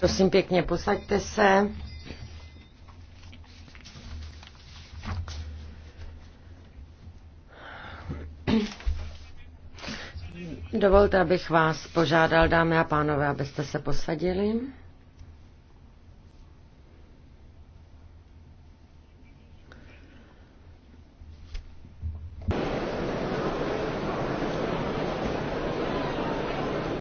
Prosím pěkně, posaďte se. Dovolte, abych vás požádal, dámy a pánové, abyste se posadili.